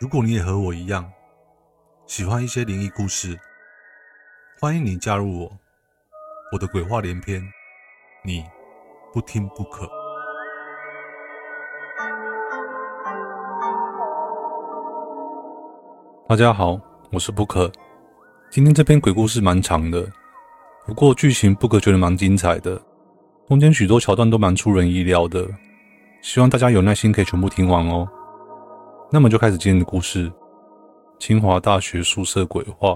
如果你也和我一樣喜歡一些靈異故事，歡迎你加入我，我的鬼話連篇，你不聽不可。大家好，我是 Book。今天這篇鬼故事蠻長的，不過劇情 Book 覺得蠻精彩的，中間許多橋段都蠻出人意料的，希望大家有耐心可以全部聽完哦。那麼就開始今天的故事，《清華大學宿舍鬼話》。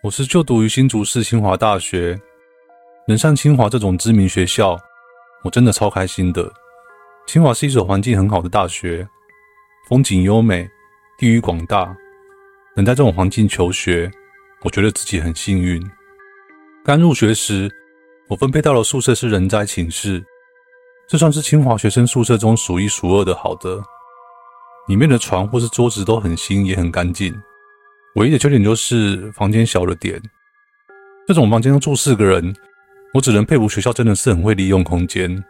我是就讀於新竹市清華大學，能上清華這種知名學校，我真的超開心的。清華是一所環境很好的大學，風景優美，地域廣大，能在這種環境求學，我覺得自己很幸運。剛入學時，我分配到了宿舍是仁齋寢室，這算是清華學生宿舍中數一數二的好的，裡面的床或是桌子都很新，也很乾淨。唯一的缺點就是房間小了點。這種房間要住四個人，我只能佩服學校真的是很會利用空間。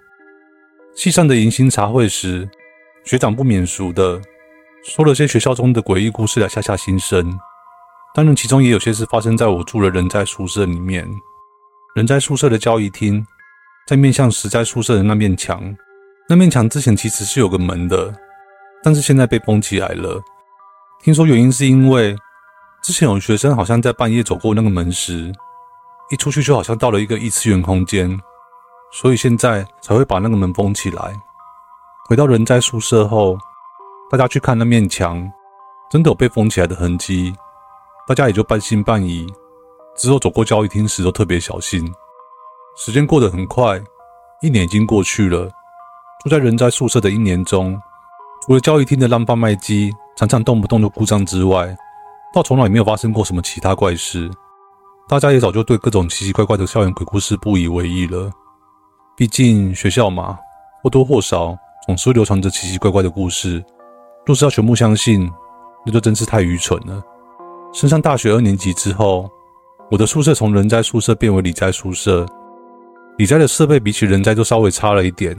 系上的迎新茶會時，學長不免俗的說了些學校中的詭異故事來嚇嚇新生，當然其中也有些是發生在我住的人在宿舍裡面。人在宿舍的交誼廳，在面向實在宿舍的那面牆，那面牆之前其實是有個門的，但是現在被封起來了。聽說原因是因為……之前有學生好像在半夜走過那個門時，一出去就好像到了一個異次元空間，所以現在才會把那個門封起來。回到仁齋宿舍後，大家去看那面牆，真的有被封起來的痕跡，大家也就半信半疑。之後走過交誼廳時都特別小心。時間過得很快，一年已經過去了。住在仁齋宿舍的一年中，除了交誼廳的爛販賣機常常動不動就故障之外，到從來也沒有發生過什麼其他怪事，大家也早就對各種奇奇怪怪的校園鬼故事不以為意了。畢竟學校嘛，或多或少總是流傳着奇奇怪怪的故事。若是要全部相信，那就真是太愚蠢了。升上大學二年級之後，我的宿舍從仁齋宿舍變為禮齋宿舍。禮齋的設備比起仁齋就稍微差了一點。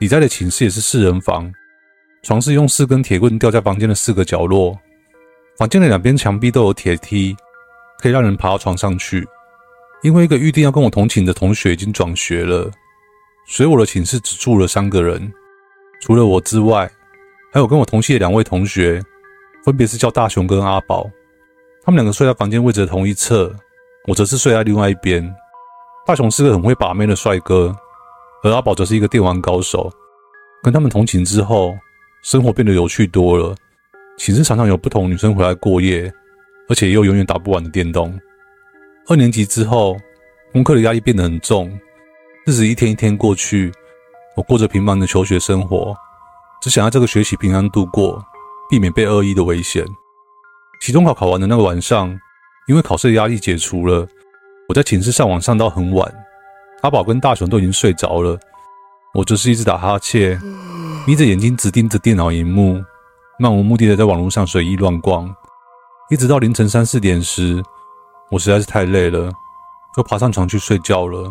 禮齋的寢室也是四人房，床是用四根鐵棍吊在房間的四個角落。房間的兩邊牆壁都有鐵梯，可以讓人爬到床上去。因為一個預定要跟我同寢的同學已經轉學了，所以我的寢室只住了三個人。除了我之外，還有跟我同系的兩位同學，分別是叫大雄跟阿寶。他們兩個睡在房間位置的同一側，我則是睡在另外一邊。大雄是個很會把妹的帥哥，而阿寶則是一個電玩高手。跟他們同寢之後，生活變得有趣多了。寢室常常有不同女生回來過夜，而且也有永遠打不完的電動。二年級之後，功課的壓力變得很重，日子一天一天過去，我過着平凡的求學生活，只想要這個學期平安度過，避免被惡意的危險。期中考考完的那個晚上，因為考試的壓力解除了，我在寢室上網上到很晚。阿寶跟大雄都已經睡着了，我就是一直打哈欠，眯着眼睛，只盯着電腦螢幕。漫無目的地在網絡上隨意亂逛，一直到凌晨三四點時，我實在是太累了，就爬上床去睡覺了。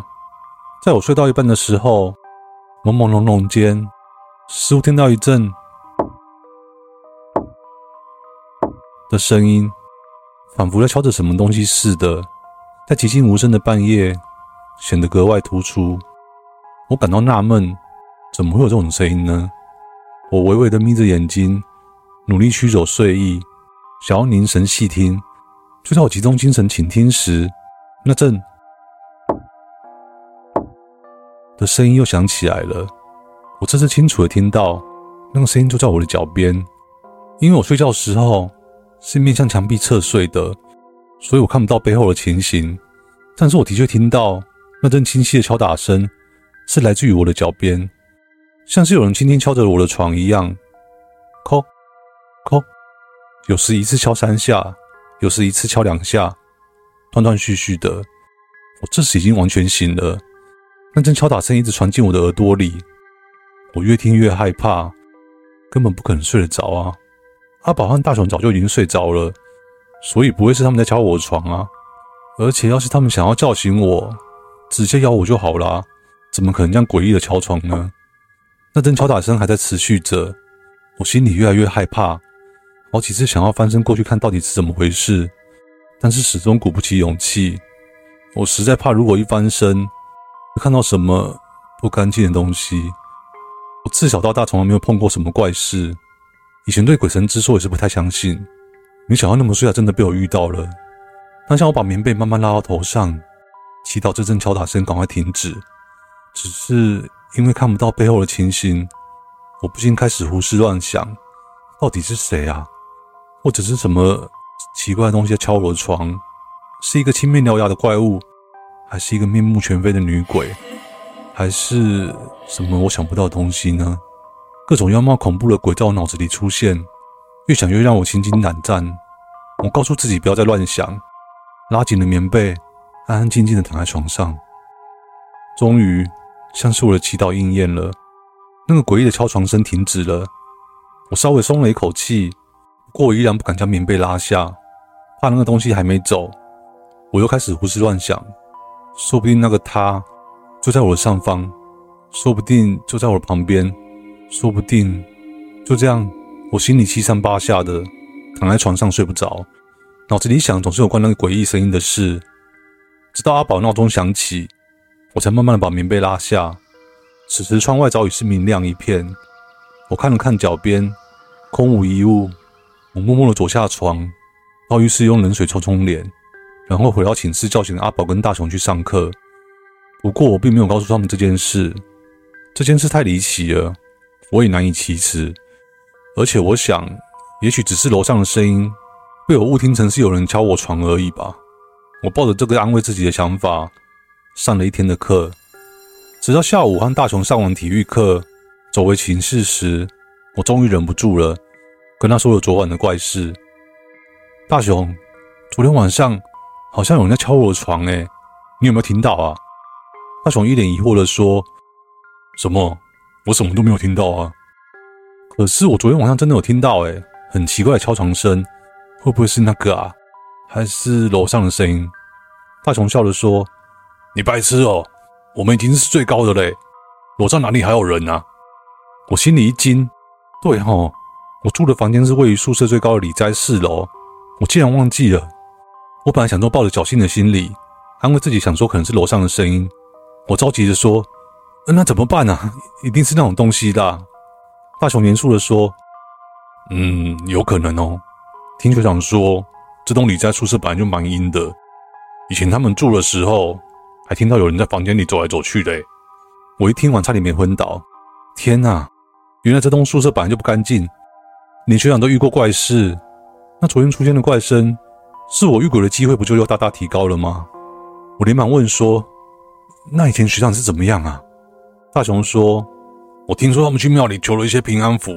在我睡到一半的時候，朦朦朧朧間，似乎聽到一陣的聲音，仿佛在敲着什麼東西似的，在寂靜無聲的半夜顯得格外突出。我感到納悶，怎麼會有這種聲音呢？我微微地眯着眼睛。努力驅走睡意，想要凝神細聽。就在我集中精神傾聽時，那陣的聲音又響起來了。我這次清楚地聽到，那個聲音就在我的腳邊。因為我睡覺的時候是面向牆壁側睡的，所以我看不到背後的情形。但是我的確聽到那陣清晰的敲打聲，是來自於我的腳邊，像是有人輕輕敲着我的床一樣。敲。Oh, 有時一次敲三下，有時一次敲兩下，斷斷續續的。我、oh, 這時已經完全醒了，那陣敲打聲一直傳進我的耳朵裡，我越聽越害怕，根本不可能睡得着啊！阿寶和大雄早就已經睡着了，所以不會是他們在敲我的床啊！而且要是他們想要叫醒我，直接咬我就好啦，怎麼可能這樣詭異的敲床呢？那陣敲打聲還在持續着，我心裡越來越害怕。好幾次想要翻身過去看到底是怎麼回事，但是始終鼓不起勇氣。我實在怕，如果一翻身，會看到什麼不乾淨的東西。我自小到大從來沒有碰過什麼怪事，以前對鬼神之說也是不太相信。沒想到那麼衰啊，真的被我遇到了。當下我把棉被慢慢拉到頭上，祈禱這陣敲打聲趕快停止。只是因為看不到背後的情形，我不禁開始胡思亂想：到底是誰啊？或者是什麼奇怪的東西敲我的床？是一個青面獠牙的怪物，還是一個面目全非的女鬼，還是什麼我想不到的東西呢？各種樣貌恐怖的鬼在我腦子裡出現，越想越讓我心驚膽戰。我告訴自己不要再亂想，拉緊了棉被，安安靜靜的躺在床上。終於，像是我的祈禱應驗了，那個詭異的敲床聲停止了。我稍微鬆了一口氣。過，我依然不敢將棉被拉下，怕那個東西還沒走，我又開始胡思亂想，說不定那個他就在我的上方，說不定就在我的旁邊，說不定就這樣，我心裡七上八下的，躺在床上睡不着，腦子裡想總是有關那個詭異聲音的事。直到阿寶鬧鐘響起，我才慢慢的把棉被拉下。此時窗外早已是明亮一片，我看了看腳邊，空無一物。我默默地走下床，到浴室用冷水沖沖臉，然後回到寢室叫醒阿寶跟大雄去上課。不過我並沒有告訴他們這件事，這件事太離奇了，我也難以啟齒。而且我想，也許只是樓上的聲音被我誤聽成是有人敲我床而已吧。我抱着這個安慰自己的想法，上了一天的課，直到下午和大雄上完體育課，走回寢室時，我終於忍不住了。跟他說了昨晚的怪事，大雄，昨天晚上好像有人在敲我的床哎、欸，你有沒有聽到啊？大雄一臉疑惑的說：“什麼？我什麼都沒有聽到啊！可是我昨天晚上真的有聽到哎、欸，很奇怪的敲床聲，會不會是那個啊？還是樓上的聲音？”大雄笑着說：“你白痴哦，我們已經是最高的嘞，樓上哪裡還有人啊？”我心裡一驚，對齁。我住的房間是位於宿舍最高的禮齋四樓，我竟然忘記了。我本來想說抱着僥倖的心理，安慰自己想說可能是樓上的聲音。我着急的說、呃：“那怎麼辦啊？一定是那種東西的、啊。”大雄嚴肅的說：“嗯，有可能哦。聽學長說，這棟禮齋宿舍本來就蠻陰的，以前他們住的時候還聽到有人在房間裡走來走去的、欸。我一聽完差點沒昏倒。天啊，原來這棟宿舍本來就不乾淨。”你學長都遇過怪事，那昨天出現的怪聲，是我遇鬼的機會不就又大大提高了嗎？我連忙問說：“那以前學長是怎麼樣啊？”大雄說：“我聽說他們去廟裡求了一些平安符，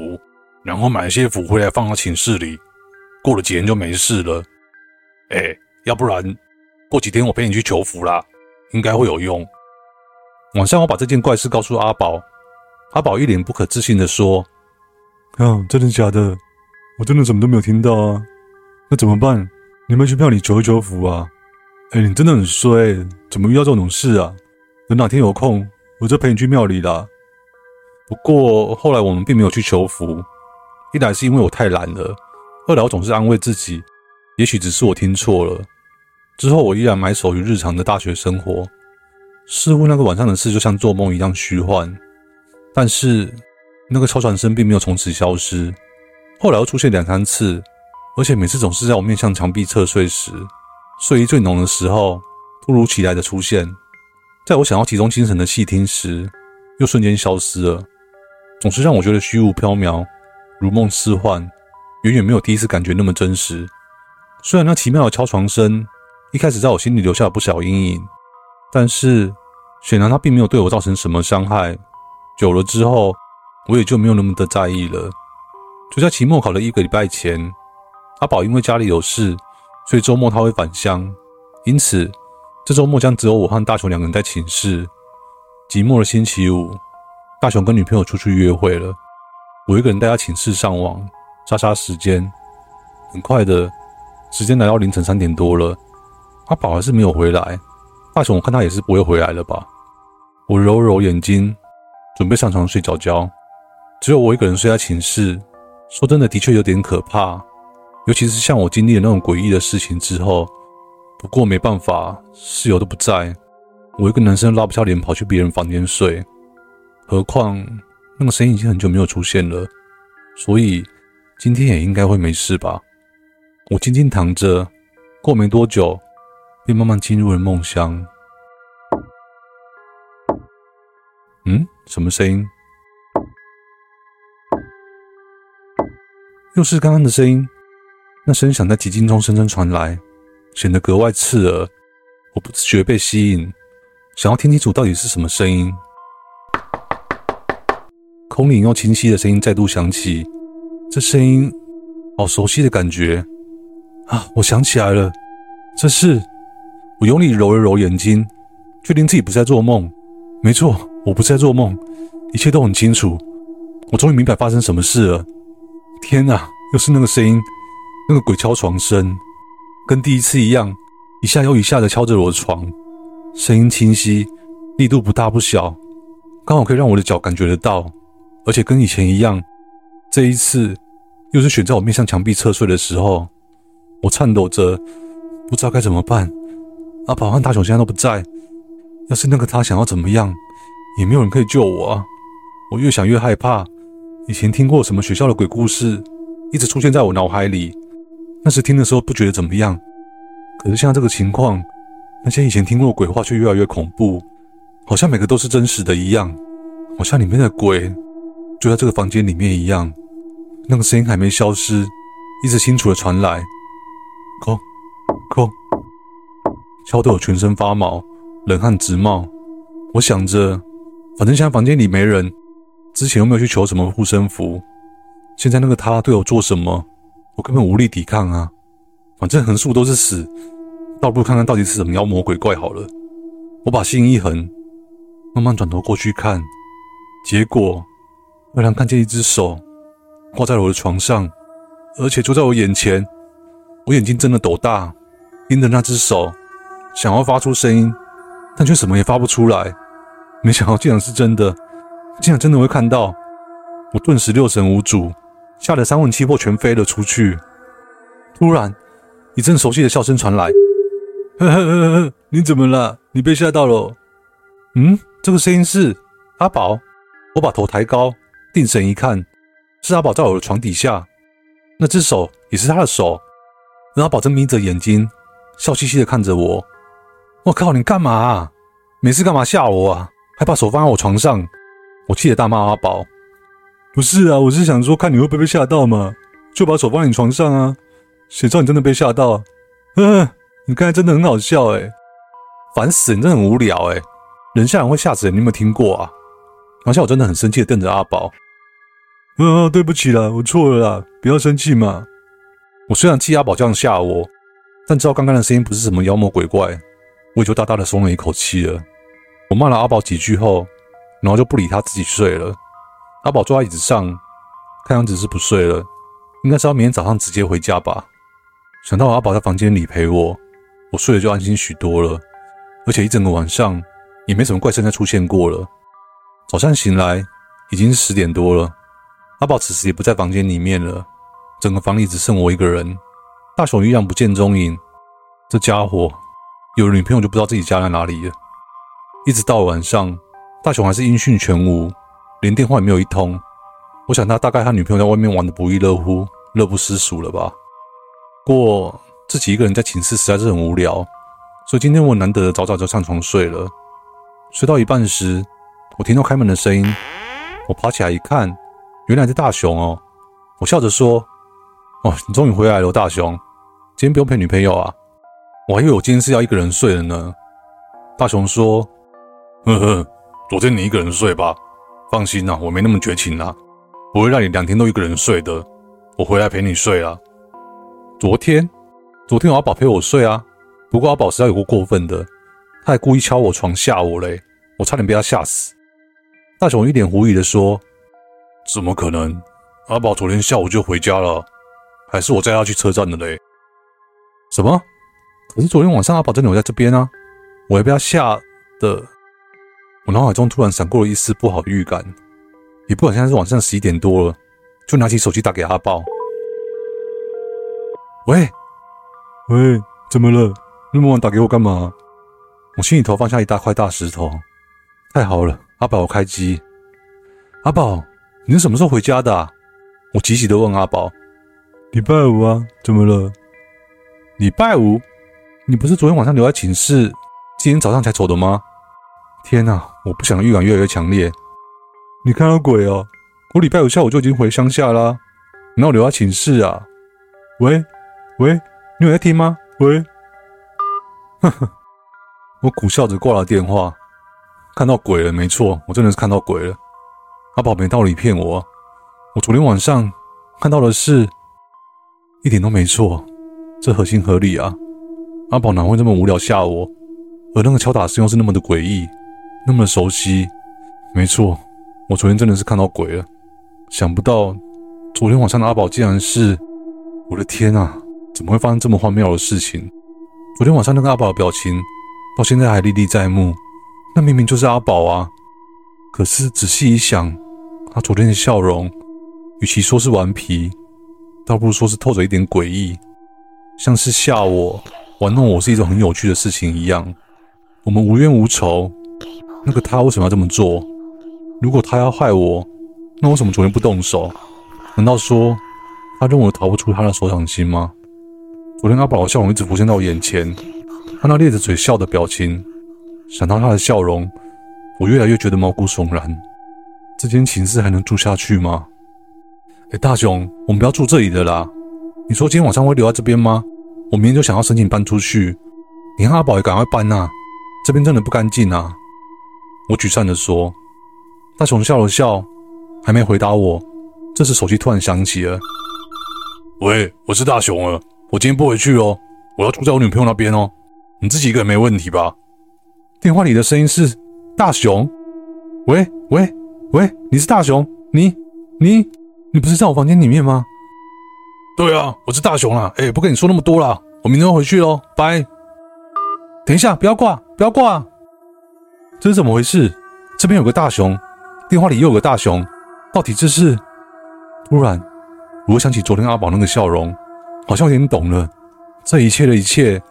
然後買一些符回來放到寢室裡，過了幾天就沒事了。”欸哎，要不然過幾天我陪你去求符啦，應該會有用。晚上我把這件怪事告訴阿寶，阿寶一臉不可置信的說。嗯、哦，真的假的？我真的怎麼都沒有聽到啊！那怎麼辦？你們去廟裡求一求福啊？哎、欸，你真的很衰。怎麼遇到這種事啊？等哪天有空，我就陪你去廟裡啦。不過後來我們並沒有去求福，一來是因為我太懶了，二來我總是安慰自己，也許只是我聽錯了。之後我依然埋首於日常的大學生活，似乎那個晚上的事就像做夢一樣虛幻。但是。那個敲床聲並沒有從此消失，後來又出現兩三次，而且每次總是在我面向牆壁側睡時，睡意最濃的時候，突如其來的出現，在我想要集中精神的細聽時，又瞬間消失了。總是讓我覺得虛無縹緲，如夢似幻，遠遠沒有第一次感覺那麼真實。雖然那奇妙的敲床聲一開始在我心裡留下了不少陰影，但是顯然它並沒有對我造成什麼傷害。久了之後，我也就沒有那麼的在意了。就在期末考的一個禮拜前，阿寶因為家裡有事，所以周末他會返鄉。因此，這周末將只有我和大雄兩個人在寢室。寂寞的星期五，大雄跟女朋友出去約會了。我一個人待在寢室上網，殺殺時間。很快的時間來到凌晨三點多了，阿寶還是沒有回來。大雄，我看他也是不會回來了吧？我揉揉眼睛，準備上床睡覺覺。只有我一個人睡在寢室，說真的，的確有點可怕，尤其是像我經歷了那種詭異的事情之後，不過沒辦法，室友都不在，我一個男生拉不下臉跑去別人房間睡，何況那個聲音已經很久沒有出現了，所以今天也應該會沒事吧。我靜靜躺着，過沒多久，便慢慢進入了夢鄉。嗯，什麼聲音？就是剛剛的聲音，那聲響在寂靜中聲聲傳來，顯得格外刺耳。我不自覺被吸引，想要聽清楚到底是什麼聲音。空靈又清晰的聲音再度響起，這聲音……好熟悉的感覺！啊，我想起來了，這是……我用力揉了揉眼睛，確定自己不在做夢。沒錯，我不在做夢，一切都很清楚。我終於明白發生什麼事了。天啊，又是那個聲音，那個鬼敲床聲，跟第一次一樣，一下又一下地敲着我的床，聲音清晰，力度不大不小，剛好可以讓我的腳感覺得到，而且跟以前一樣，這一次又是選在我面向牆壁側睡的時候，我顫抖着，不知道該怎麼辦。阿寶和大雄現在都不在，要是那個他想要怎麼樣，也沒有人可以救我啊！我越想越害怕。以前聽過什麼學校的鬼故事，一直出現在我腦海裡。那時聽的時候不覺得怎麼樣，可是現在這個情況，那些以前聽過的鬼話卻越來越恐怖，好像每個都是真實的一樣，好像裡面的鬼就在這個房間裡面一樣。那個聲音還沒消失，一直清楚的傳來，叩叩，敲得我全身發毛，冷汗直冒。我想着，反正現在房間裡沒人。之前又沒有去求什麼護身符，現在那個他對我做什麼，我根本無力抵抗啊！反正橫豎都是死，倒不如看看到底是什麼妖魔鬼怪好了。我把心一橫，慢慢轉頭過去看，結果突然看見一隻手掛在我的床上，而且就在我眼前。我眼睛睜得斗大，盯着那隻手，想要發出聲音，但卻什麼也發不出來。沒想到竟然是真的。竟然真的會看到！我頓時六神無主，嚇得三魂七魄全飛了出去。突然，一陣熟悉的笑聲傳來：“呵呵呵呵，你怎麼了？你被嚇到了？”嗯，這個聲音是阿寶。我把頭抬高，定神一看，是阿寶在我的床底下。那只手也是他的手，然後阿寶正眯着眼睛，笑嘻嘻的看着我。我靠！你幹嘛啊？沒事幹嘛嚇我啊？還把手放在我床上！我氣得大罵阿寶：“不是啊，我是想說看你會不會被嚇到嘛，就把手放在你床上啊。誰知道你真的被嚇到，嗯、啊，你剛才真的很好笑哎、欸，煩死你，真的很無聊哎、欸。人嚇人會嚇死你，你有沒有聽過啊？”然後我真的很生氣的瞪着阿寶：“嗯、啊，對不起啦，我錯了啦，不要生氣嘛。”我雖然氣阿寶這樣嚇我，但知道剛剛的聲音不是什麼妖魔鬼怪，我也就大大的鬆了一口氣了。我罵了阿寶幾句後。然後就不理他，自己睡了。阿寶坐在椅子上，看樣子是不睡了，應該是要明天早上直接回家吧。想到我阿寶在房間裡陪我，我睡了就安心許多了。而且一整個晚上也沒什麼怪聲再出現過了。早上醒來已經是十點多了，阿寶此時也不在房間裡面了，整個房裡只剩我一個人。大雄依然不見蹤影，這家伙有女朋友就不知道自己家在哪裡了。一直到晚上。大雄還是音訊全無，連電話也沒有一通。我想他大概他女朋友在外面玩得不亦樂乎，樂不思蜀了吧？過自己一個人在寢室實在是很無聊，所以今天我難得的早早就上床睡了。睡到一半時，我聽到開門的聲音，我爬起來一看，原來是大雄哦。我笑着說：“哦，你終於回來了，哦，大雄。今天不用陪女朋友啊？我還以為我今天是要一個人睡了呢。”大雄說：“呵呵。”昨天你一個人睡吧，放心吶、啊，我沒那麼絕情啊，不會讓你兩天都一個人睡的，我回來陪你睡啊。昨天，昨天我阿寶陪我睡啊，不過阿寶實在有夠過分的，他還故意敲我床嚇我嘞，我差點被他嚇死。大熊一臉狐疑的說：“怎麼可能？阿寶昨天下午就回家了，還是我載他去車站的嘞。什麼？可是昨天晚上阿寶真的有在這邊啊，我也被他嚇的。”我腦海中突然閃過了一絲不好的預感，也不管現在是晚上十一點多了，就拿起手機打給阿寶。喂，喂，怎麼了？那麼晚打給我幹嘛？我心裡頭放下一大塊大石頭。太好了，阿寶，我開機。阿寶，你是什麼時候回家的啊？我急急地問阿寶。禮拜五啊？怎麼了？禮拜五？你不是昨天晚上留在寢室，今天早上才走的嗎？天啊！我不想的預感越來越強烈。你看到鬼哦、喔！我禮拜五下午就已經回鄉下啦，難道留在寢室啊喂？喂喂，你有在聽嗎？喂。呵呵，我苦笑着掛了電話。看到鬼了，沒錯，我真的是看到鬼了。阿寶沒道理騙我，我昨天晚上看到的是一點都沒錯，這合情合理啊！阿寶哪會這麼無聊嚇我？而那個敲打聲又是那麼的詭異。那麼熟悉，沒錯，我昨天真的是看到鬼了。想不到昨天晚上的阿寶竟然是……我的天啊，怎麼會發生這麼荒謬的事情？昨天晚上那個阿寶的表情，到現在還歷歷在目。那明明就是阿寶啊！可是仔細一想，他昨天的笑容，與其說是頑皮，倒不如說是透着一點詭異，像是嚇我、玩弄我是一種很有趣的事情一樣。我們無冤無仇。那個他為什麼要這麼做？如果他要害我，那我為什麼昨天不動手？難道說他認為我逃不出他的手掌心嗎？昨天阿寶的笑容一直浮現在我眼前，看到咧着嘴笑的表情，想到他的笑容，我越來越覺得毛骨悚然。這間寢室還能住下去嗎？誒、欸、大雄，我們不要住這裡的啦！你說今天晚上會留在這邊嗎？我明天就想要申請搬出去。你和阿寶也趕快搬啊！這邊真的不乾淨啊！我沮喪地說：“大雄笑了笑，還沒回答我。這時手機突然響起了：‘喂，我是大雄啊，我今天不回去哦，我要住在我女朋友那邊哦。你自己一個人沒問題吧？’電話裡的聲音是：‘大雄，喂喂喂，你是大雄？你你你不是在我房間裡面嗎？對啊，我是大雄啊。誒、欸、不跟你說那麼多了，我明天會回去嘍，拜。等一下，不要掛，不要掛。”這是怎麼回事？這邊有個大熊，電話裡也有個大熊，到底這是？突然，我想起昨天阿寶那個笑容，好像有點懂了。這一切的一切，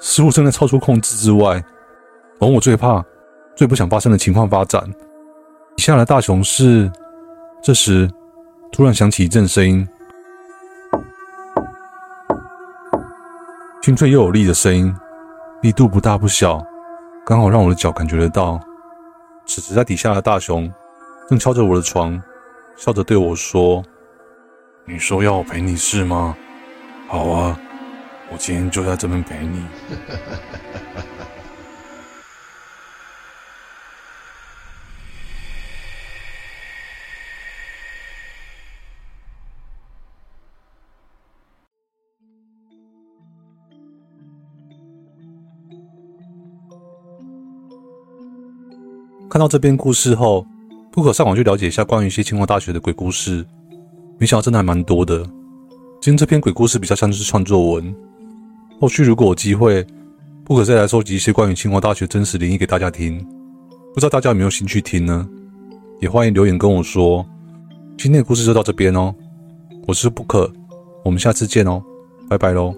似乎正在超出控制之外。往我最怕、最不想發生的情況發展。以下的大熊是……這時，突然響起一陣聲音，清脆又有力的聲音，力度不大不小。剛好讓我的腳感覺得到，此時在底下的大熊，正敲着我的床，笑着對我說：“你說要我陪你是嗎？好啊，我今天就在這邊陪你。” 看到這篇故事後，Book 上網去了解一下關於一些清華大學的鬼故事，沒想到真的還蠻多的。今天這篇鬼故事比較像是創作文，後續如果有機會，Book 再來收集一些關於清華大學真實靈異給大家聽。不知道大家有沒有興趣聽呢？也歡迎留言跟我說。今天的故事就到這邊哦，我是 Book，我們下次見哦，拜拜嘍。